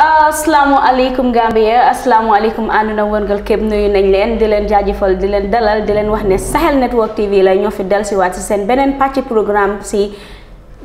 asalaamaaleykum Gambia asalaamaaleykum ànduna wërngal képp nuyu nañ leen di leen jaajëfal di leen dalal di leen wax ne Sahel Network TV lay ñoo fi dal si waat si seen beneen pàcc programme si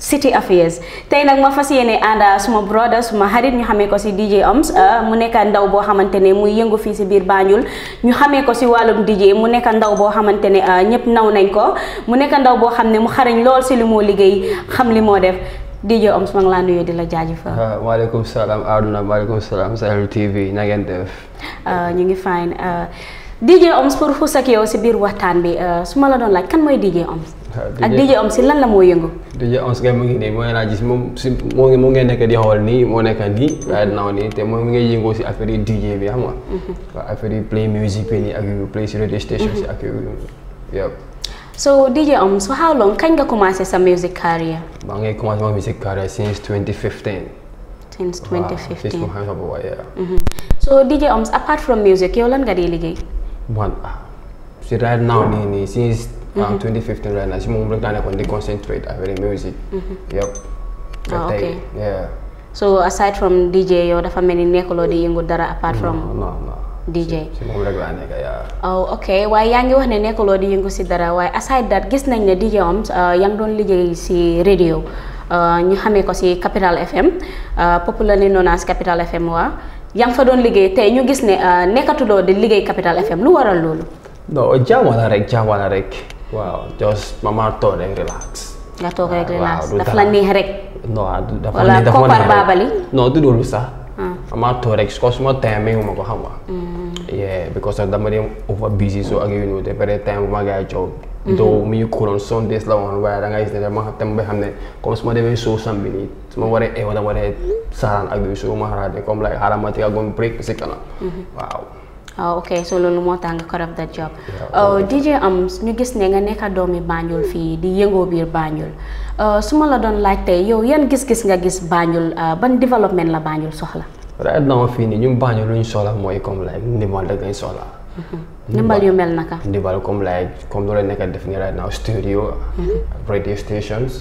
City Affairs tey nag ma fas yéene ànda suma brother suma xarit ñu xamee ko si DJ Oms ah, mu nekk ndaw boo xamante ne muy yëngu fii si biir baañul ñu xamee ko si wàllum DJ mu nekk ndaw boo xamante ne ah, ñëpp naw nañ ko mu nekk ndaw boo xam ne mu xariñ lool si li moo liggéey xam li moo def DJ om maa ngi laa nuyu di la jaajëfal. waaleykum salaam Aduna waaleykum salaam Sahel TV na ngeen def. Uh, ñu ngi fine uh, DJ om pour xuus ak yow si biir waxtaan bi uh, su ma la doon laaj kan mooy DJ Oms. ak DJ Om si lan la moo yëngu. DJ Oms kay mu ngi nii mooy laa gis moom si moo ngi moo ngi nekk di xool nii moo nekk nii waaye naaw nii te moom ngi yëngoo si affaire DJ bi xam nga. Mhm. affaire play music bi nii ak play si radio station si ak yu yëpp. So DJ Um, so how long kañ nga commencé sa music career? maa ngi commencé ma music career since 2015. since 2015 waaw mm-hmm. so DJ Um apart from music yow lan nga dee liggéey. si right now nii nii since. 2015 um, mm-hmm. right now si moom rek laa nekkoon di concentrate avec ah, music. Mm-hmm. yëpp. Oh, so aside from DJ yow dafa mel ni nekkuloo di yëngu dara apart from. DJ si moom rek yaa. Oh, ok waaye yaa ngi wax ne nekkuloo di yëngu si dara waaye aside that gis nañ ne DJ Oms uh, yaa doon liggéey si radio uh, ñu xame ko si Capital FM uh, popularly known as Capital FM waa yaa fa doon liggéey tey ñu gis ne nekkatuloo di liggéey Capital FM lu waral loolu. non jaamu rek jaamu la rek. waaw just mama toog toog rek relax daf la neex rek. non dafa neex dafa baabali. non du loolu sax. amaa toog rek because suma time mayuma ko xam nga because sax dama dee over busy so ak yooyu noonu te pare time bu ma gaa yi coow doo muy kuloon Sundays la woon waaye gis ne dama xam tam ma demee soo sambi nii su ma waree eew wala waree saaraan ak yooyu moo tax nga correct that job DJ Amz gis ne nga nekk doomi Banjul fii di yëngoo biir su ma la doon laaj tey yow yan gis-gis nga gis Banjul ban développement la Banjul soxla right now fii nii ñun baañu sola ñu soxla mooy ni like ndimbal rek sola soxla. bal yu mel naka. ndimbal comme like comme loolu nekk def ni right now studio. Mhm. radio stations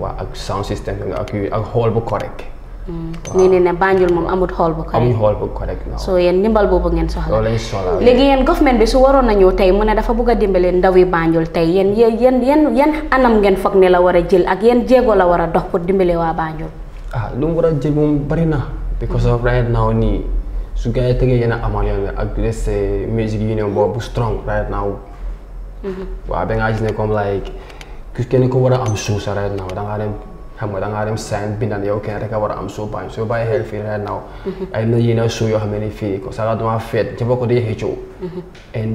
wa ak sound system ak yu ak hall bu correct. Mm. ni ni ne Banjul mom amut hall bu correct amul hall bu correct so yéen ndimbal boobu ngeen soxla loolu lañ sola legi yéen government bi su waro na ñëw tey mu ne dafa bëgg a dimbale ndaw yi anam ngeen foog ne la wara a jël ak yéen jéego la wara dox pour ah lu mu war a bari na because of right now nii su gars yi tegee yenn amal yoon ak les musique yu ne boobu strong right now. waaw ba ngaa gis comme like kenn ku war a am suuf right now da ngaa xam nga da ngaa dem sign bindal yow kenn rek a war mhm. a am soo bàyyi soo bàyyi xel fii right now ay na yéen a suu yoo xam ne ni fii ko sax dama feet ci bokk di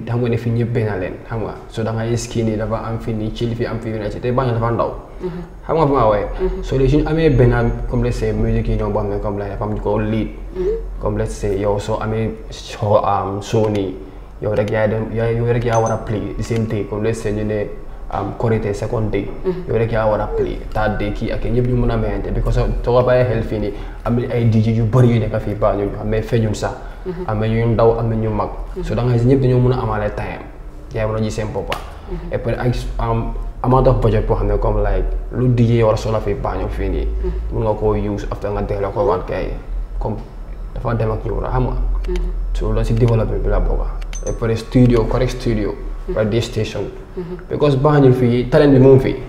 xam ne fii ñëpp leen xam nga so da ngay ski nii dafa am nii ci li fi am fii ne ci te Banjul mhm. mhm. so amee benn comme let's say musique yi ñoom boo xam ne comme dafa am ñu yow soo amee soo soo nii yow rek yaa war a play di same thing comme let's say ñu ne um, korite second day mm. yow rek yaa war a play third day kii ak ñëpp ñu mun a mayante because soo bàyyee xel fii nii am ay DJ yu bëri yu nekk fii baa ñu am na feeñuñ sax mm-hmm. am na ñu ndaw am ñu mag mm-hmm. so da a a ji seen mm-hmm. um, xam ne comme lu DJ a soxla fii baa ñu fii nii mun nga koo use after nga delloo ko waan kay comme dafa dem ak ñëw ra xam nga so loolu si développement bi la bokk et puis studio correct studio by this station. because Banjul fii talent bi mu ngi fii.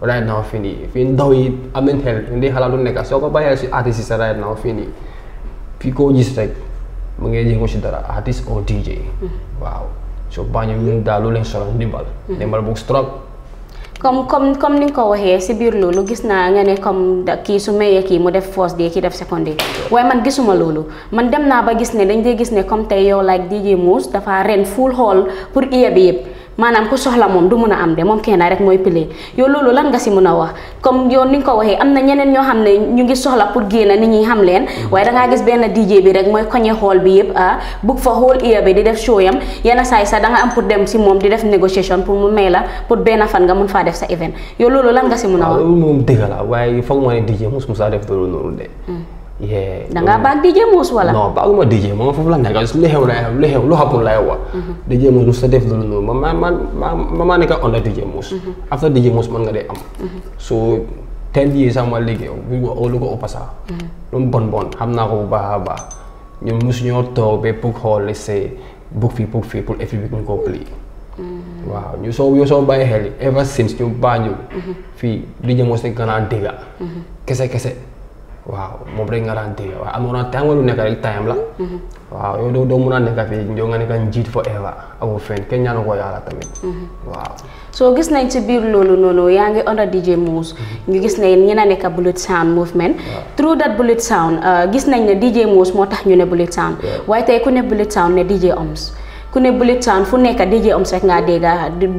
right now fii nii fii ndaw yi am nañ xel ndi xalaat lu nekk soo ko bàyyee si artiste yi sa right now fii nii fii koo gis rek mu ngi yëngu si dara artiste or mm-hmm. waaw so Banjul ñun daal lu leen soxla ndimbal. Mm-hmm. ndimbal bu strong. comme comme comme ni nga ko waxee si biir loolu gis naa nga ne comme kii su mayee kii mu def first day kii def second day waaye man gisuma loolu man dem naa ba gis ne dañ dee gis ne comme tey yow like DJ Mousse dafa ren full hall pour iya bi yëpp maanaam ku soxla moom du mun a am de moom Kena rek mooy pilier yow loolu lan nga si mun a wax comme yow ni nga ko waxee am na ñeneen ñoo xam ne ñu ngi soxla pour génn nit ñi xam leen waaye dangaa gis benn DJ bi rek mooy koñe xool bi yëpp ah book fa whole year bi di def show yam yenn saa yi sax da nga am pour dem si moom di def négociation pour mu may la pour benn fan nga mun faa def sa event yow loolu lan nga si mun a wax. Ah, la waaye foog ma ne DJ mos musaa def loolu noonu de. Hmm. yee da ngaa baal DJ Mouss wala. non baaluma DJ moom foofu la nekk lu xew la lu xew lu xamul lay wax. DJ Mouss ma la DJ Mouss. after DJ Mouss mën nga bu lu ko ëpp sax. lu mu bon bon xam naa ko bu baax a baax ñun mosuñoo toog ba pour xool see bug fii bug fii pour effet bi ñu ko pli. waaw ñu soo yoo soo bàyyi xel ever since ñu fii DJ Mouss ne gën a dégga. kese kese. waaw moom rek nga daan téye waaw amoon na temps wala nekk rek temps la. waaw yow doo doo mun a nekk fii njoo nga nekk njiit forever amoo fenn kenn ñaanu ko yàlla tamit. waaw. soo gis nañ ci biir loolu noonu yaa ngi under DJ Moose. ñu gis ne ñi na nekk Bullet Sound movement. through that Bullet Sound uh, gis nañ ne DJ Moose moo tax ñu ne Bullet Sound. waaye tey ku ne Bullet Sound ne DJ Oms. ku ne bullet sound fu nekk DJ Oms rek ngaa dégg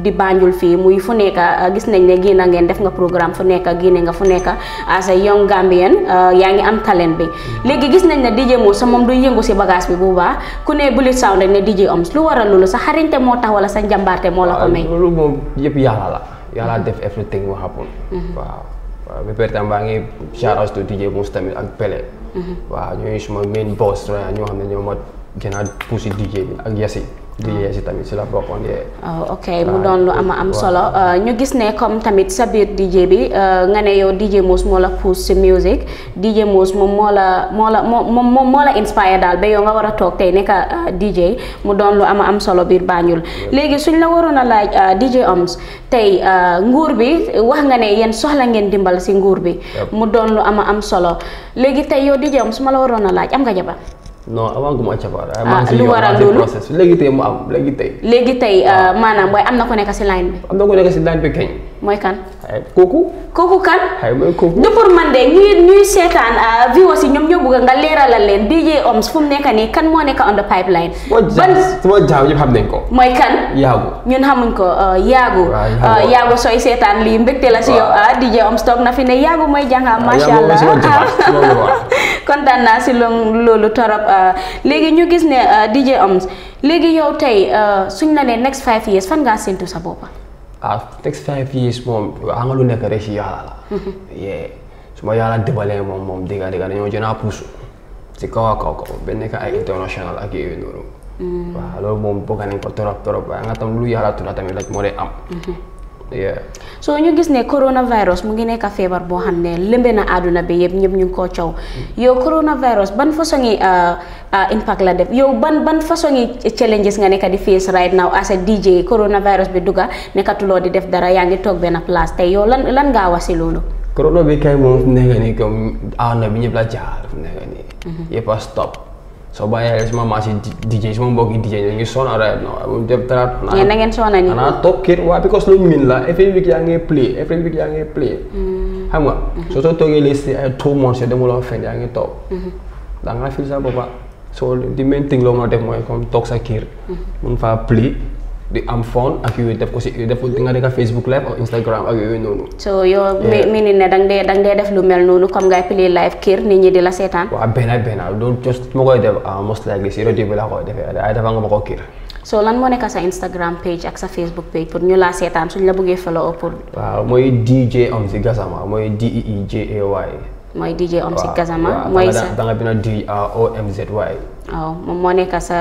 di Banjul fii muy fu nekk ah, gis nañ ne génn ngeen def nga programme fu nekk génne nga fu nekk as a young Gambian ah, yaa ngi am talent bi mm-hmm. léegi gis nañ ne DJ Moussa moom du yëngu si bagage bi bu baax ku ne bullet sound rek ne DJ Oms lu waral loolu sa xarañte moo tax wala sa njàmbaarte moo la ko ah, may. loolu moom yëpp yàlla la. yàlla mm-hmm. def everything will happen. Mm-hmm. waaw waaw ba pare tam ngi shout out to DJ Moussa tamit ak Pele. waaw ñooñu suma main a poussé DJ bi di mm. yee si tamit si la oh, ok mu doon lu am am solo euh, ñu gis ne comme tamit sa biir DJ bi euh, nga ne yow DJ Mouss moo la pousse si musique DJ Mouss moom moo la moo la moom moom moo la inspire daal ba yow nga war a toog tey nekk euh, DJ mu doon lu am am solo biir baañul léegi suñ la waroon a laaj DJ Oms tey nguur bi wax nga ne yéen soxla ngeen dimbal si nguur bi. mu doon lu am am solo léegi tey yow DJ Oms ma la waroon a laaj am nga jabar non avant que mu accapaar. ah lu waral loolu process léegi tey mu am léegi tey. léegi tey euh, ah. maanaam mooy am na ko nekk si line bi. am na ko nekk si line bi kañ. mooy kan. Eh, kooku. kooku kan. aywa eh, kooku de pour man de ñuy ñuy seetaan ah, viewers yi ñoom ñoo bëgg nga leeralal leen DJ Oms fu mu nekk nii kan moo nekk on the pipeline. ban sama jaam ñëpp xam nañ ko. mooy kan. yaagu ñun xamuñ ko ah, yaagu. waaw ah, yaagu sooy seetaan lii mbégte la si yow. waaw DJ Oms toog na fi ne yaagu mooy jàngaa. macha allah kontaan naa si loolu torop léegi ñu gis ne DJ Oms léegi yow tey suñ la nee next five years fan ngaa séntu sa boppa ah next five years moom xam nga lu nekk rek si yàlla la. yee su ma yàlla dibalee moom moom dégg dégg dañoo jënd a puus si kaw a kaw kaw ba nekk ay international ak yooyu noonu. waaw loolu moom bokk nañ ko trop trop waaye nga tam lu yàlla tudda moo dee am. so ñu gis ne coronavirus mu ngi nekk feebar boo xam ne lëmbee na àdduna bi yëpp ñëpp ñu ngi koo coow yow coronavirus ban façon yi uh, uh, impact la def yow ban ban façon yi challenges nga nekk di face right now as a DJ coronavirus bi dugga nekkatuloo di def dara yaa ngi toog benn place tey yow lan lan ngaa wasi loolu. corona bi kay moom nekk nii comme àdduna bi ñu la jaar nekk nii. Mm-hmm. yëpp a stop. soo bàyyi xel suma maas yi DJ suma mbokk yi DJ ñu ngi sonal rek non bu def dara. yéen na ngeen sonal nii xanaa toog kër waa parce que luñ la every week yaa ngi play every week yaa ngi play. xam hmm. nga. Mhm. soo soo toogee les eh, ay two months yoo demuloo fenn yaa ngi mhm. toog. da ngaa fil sa bopp soo di main thing loo mën a def mooy comme toog sa kër. mun faa play. di am phone ak yooyu def ko si def nga def Facebook live ak Instagram ak yooyu noonu. so yow mi mi ne da dee da dee def lu mel noonu comme ngay play live kër nit ñi di la seetaan. waaw benn benn loolu just ma koy def ah, most likely si rajo bi laa koy defee ay dafa nga ma ko kër. so lan moo nekk sa Instagram page ak sa Facebook page pour ñu laa seetaan suñ la bëggee follow up DJ Omzy Gassama mooy e e A mooy sa da nga bind D O M Z Y. Oh, sa.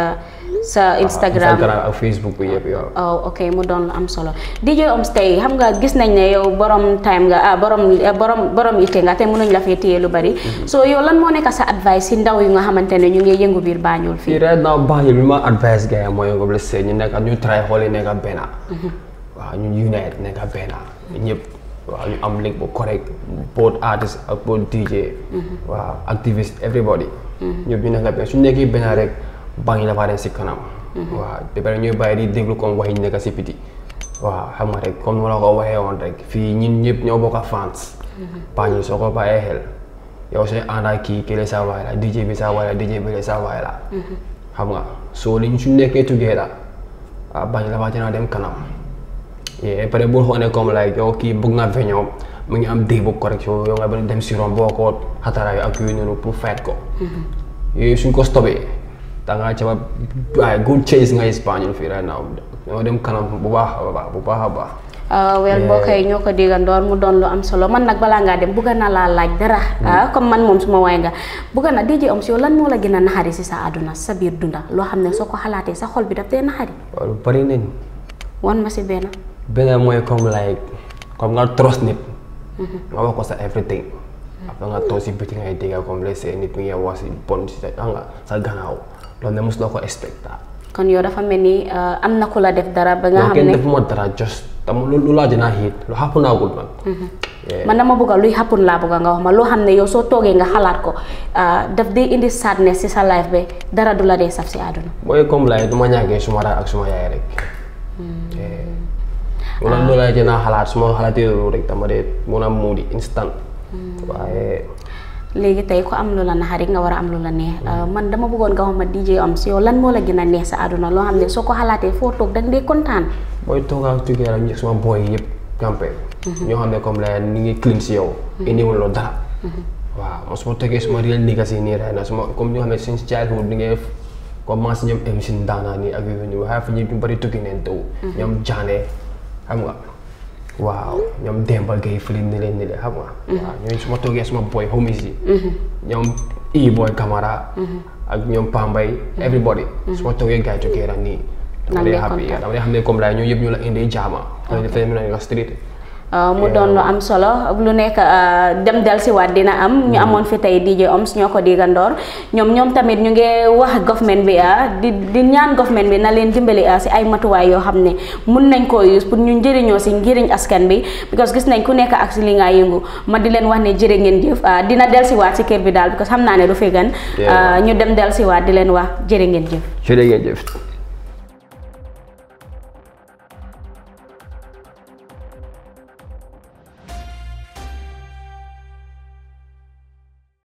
Ah, sa Instagram ak Facebook bi yëpp yow. Oh, ok mu doon lu am solo DJ Oms tey xam nga gis nañ ne yow borom time nga ah borom eh, borom borom ite nga tey mënuñ la fee téye lu bari. Mm-hmm. moo nekk si ndaw yu nga xamante ne ñu ngi yëngu biir Banjul ñu nekk ñu try xool yi nekk benn. Mm-hmm. waaw ñu unite nekk benn ñëpp. waaw ñu am link bu correct both artist ak both DJ. Mm-hmm. su nekkee benn rek. baa ngi defaaree si kanam. waaw ba pare ñuy bàyyi di déglu comme wax yi nekk si biti. waaw xam nga rek comme ni la ko waxee woon rek fii ñun ñëpp ñoo bokk fans. Mhm. paa ñu soo ko bàyyee xel yow sooy ànd ak kii kële saa waay saa waay la DJ bi saa la. soo su nekkee tuggee la ah baa ñu dafa gën a dem kanam. et e pare boo xoolee comme like yow kii bëgg nga feeñ mu ngi am dégg bu correction yow nga ko xataraayoo ak yooyu suñ ko mhm. stoppé. tanga cewa eh, a good chase nga spanyol fi right now no dem kanam bu baax a baax bu baax ba ah wel bokay ñoko digal ko mu don lu am solo man nak bala nga dem bu gëna la laaj dara comme eh, man mom suma way nga bu gëna DJ Oms yow lan mo la gëna a naxari sa aduna sa bir dunda lo xamne soko xalaté sa xol bi daf dee naxari waaw bari nañ won ma ci bena bena moy comme like comme nga trust nit mhm. nga wax ko sa everything Apa nga tosi bitinga ay diga comme les nit ñi ngay wax si bon nga sa ganaw loolu ne mosuloo ko expecta kon yow dafa mel eh, ni am na ku la def dara ba nga xam ne kenn defuma dara just tam lu laa dinaa xiit lu xàpp naa gul man mhm. man dama buka luy xàppun laa bëgg nga wax ma loo xam ne yow soo toogee nga xalaat ko eh, daf dee indi sadness si sa life bi dara du la dee saf si àdduna mooy comme lay du ma ñàkkee suma daal ak suma yaay rek wala loolu laa dinaa xalaat suma xalaatee loolu rek dama dee mun a muudi instant hmm. waaye léegi tey ko am lu la naxari nga war a am lu la neex euh, man dama bëggoon nga wax ma DJ si yow lan moo la gën a neex sa àdduna loo xam ne soo ko xalaatee foo toog da nga dee kontaan. mooy toog ak jugee ak ñi suma boy yëpp campé. Mhm. ñoo xam ne comme ni ngi clean si yow. Mhm. indiwul loo mhm. waaw man su ma toogee suma réel nigga si nii rek na suma comme ñoo xam ne suñu childhood ni ngay commencé ñoom émission daanaa nii ak yooyu waaye fi ñu bari tukki neen taw. ñoom jaanee xam nga. waaw ñoom Demba Gueye filim ni leen ni leen xam mm-hmm. nga. waaw ñooñu su ma toogee suma boy homies mm-hmm. yi. ñoom i boy Camara. Mm-hmm. ak ñoom Pambay. everybody. su ma toogee gars yi nii. dama dee happy dama xam ne comme daal ñooñu yëpp ñu la indi jaama. dama dee fay mu la street. Euh, mu doon lu am solo lu nekk euh, dem delsiwaat dina am ñu hmm. amoon fi tey DJ Oms ñoo ko digandoor ñoom ñoom tamit ñu ngi wax government bi ah, di di ñaan government bi na leen dimbali ah, si ay matuwaay yoo xam ne mun nañ koo use pour ñu njëriñoo si njëriñ askan bi because gis nañ ku nekk ak si li nga yëngu ma di leen wax ne jërë ngeen jëf ah, dina delsiwaat si kër bi daal because xam naa ne du fi gan ñu dem delsiwaat di leen wax jëri ngeen jëf ngeen jëf